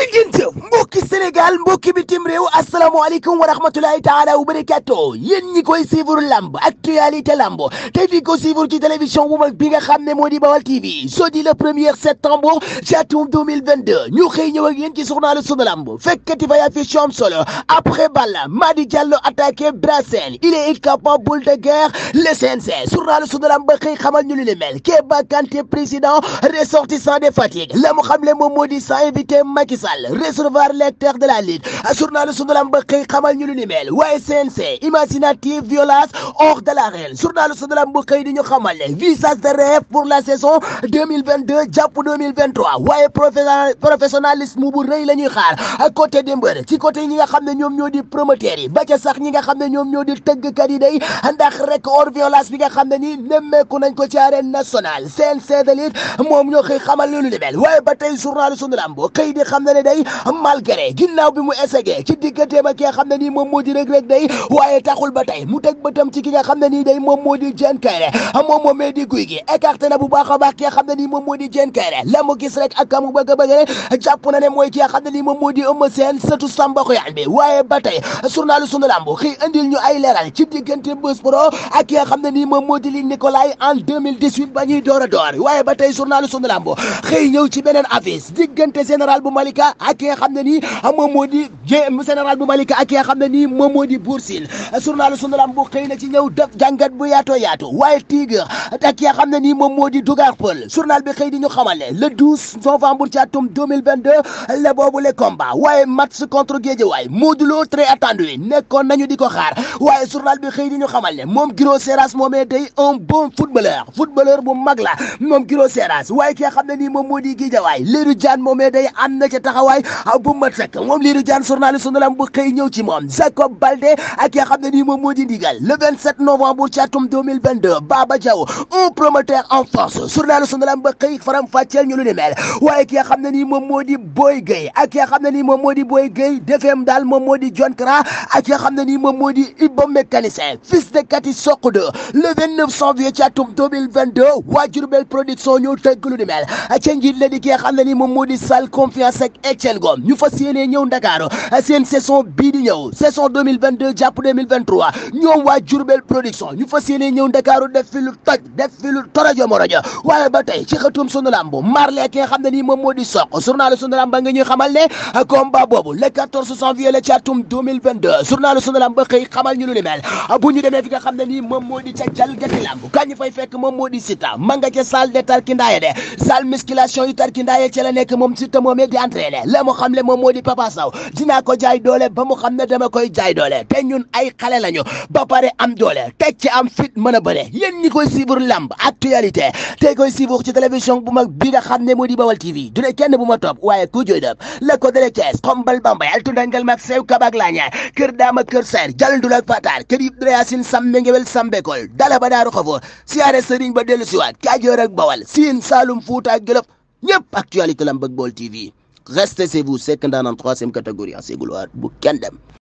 jërë ngeen jëf mbokki Sénégal mbokki bitim réew asalaamaaleykum wa rahmatulahi taala wa barakato yéen ñi koy suivre lamb actualité lamb tey di ko suivre ci télévision bu mag bi nga xam ne moo di Bawal TV jeudi le premier septembre jatum 2022 ñu xëy ñëw ak yéen ci journalu sunu lamb fekkati fay affiche am solo après Balla Madi Diallo attaqué Brassens il est incapable de guerre le CNG journalu sunu lamb xamal ñu lu le mel Keba Kanté président ressortissant des fatigues Sall recevoir les de la lutte journal sunu lamb ba xëy xamal ñu lu ni mel waaye CNC imaginative violence hors de l'arène journal sunu lamb ba xëy di ñu xamal ne visage de rêve pour la saison 2022 jàpp 2023 waaye professionnalisme bu rëy la ñuy xaar ak côté des mbër ci côté ñi nga xam ne ñoom ñoo di promoteurs yi ba ca sax ñi nga xam ne ñoom ñoo di tëggkat yi day ndax rek hors violence bi nga xam ne nii nemmeeku nañ ko ci arène nationale CNC de lutte moom ñoo xëy xamal lu ni waaye ba tey journal sunu lamb di ne day malgré ginnaaw bi mu essayé ci digganteem ak ki nga xam ne ni moom moo di rëg-rëg day waaye taxul ba tey mu teg bëtam ci ki nga xam ne nii day moom moo di Diène Kaïré moom moomee di guy gi écarté na bu baax ki nga xam na nii moom moo di Diène Kaïré la mu gis rek a bëgg rek jàpp na ne mooy ki nga xam ne nii moom moo di Eumeu Sène sëtu Samba Xoyaan waaye ba tey journalu sunu lamb ñu ay leeral ci diggante Bës Pro ak ki nga xam ne nii moom moo di li Nicolaï en 2018 ba ñuy door waaye ba tey journalu sunu lamb xëy beneen avis diggante général bu Malika Malika ak ki nga ne nii ah, moom di général bu Malika ak ki ne nii moom di Bour Sine journal sunu bu xëy na ci ñëw def jàngat bu yaatoo waaye Tigre ak ki ne nii moom moo di Dougar Peul journal bi xëy di ñu xamal ne le 12 novembre ci atum 2022 la boobu le combat waaye match contre Guédiawaye Modou Lo très attendu nekkoon nañu di ko xaar waaye journal bi xëy di ñu xamal ne moom Guiro Seras moomee day un bon footballeur footballeur bu mag moom Guiro Seras waay bu mat sëkk moom Lirou Diane journaliste sunu lamb bu xëy ñëw ci moom Jacob Baldé ak xam ne nii moom moo ndigal le ci atum 2022 Baba un promoteur en force journaliste sunu lamb ba xëy lu ni mel waaye ki xam ne nii moom moo di Boy Gueye ak ya xam ne nii moom moo di Boy Gueye defeem daal moom moo di John xam ne nii moom moo di Ibo mécanicien de Kati Sokh 2 ci atum 2022 waa Diourbel production ñoo tëgg lu ni mel ca njiit la di xam ne nii Eccelgom ñu fas yéenee ñëw Ndakaaru seen saison bii di ñëw saison 2022 Jurbel production ñu fas yéenee ñëw Ndakaaru def fi lu toj def torojo morojo waaye ba tey ci xëtum sunu lamb marle ki xam ne nii moom moo di soq journalu sunu lamb ba nga xamal ne combat boobu le 14 janvier la ci atum 2022 sunu lamb ba xëy xamal ñu lu ni mel demee fi nga xam ne nii moom moo di ca jal gati lamb kañ fay fekk moom moo di sita ma nga ca salle de tarkindaaya la mu xam le moom moo di Papa Sow dinaa ko jaay doole ba mu xam ne dama koy jaay doole te ñun ay xale lañu ba pare am doole teg ci am fit mën a bëre yéen ni koy suivre lamb actualité tey koy suivre ci télévision bu mag bi nga xam ne moo di Bawal TV du ne kenn bu ma topp waaye ku joy dëp la ko dale Thiès xombal bambay altundangal mag sew kabak laañaay kër daama kër seen jalndul ak fataar kër yib drayasin sam ngewel sambekol dala ba daa xafoor siyaare sëriñ ba dellu siwaat Kajoor ak Bawal Siin Saalum Fuuta ak Jolof ñëpp actualité lam bëgg Baol TV reste chez vous c'est que ndaanaan troisième catégorie à Ségouloir bu kenn dem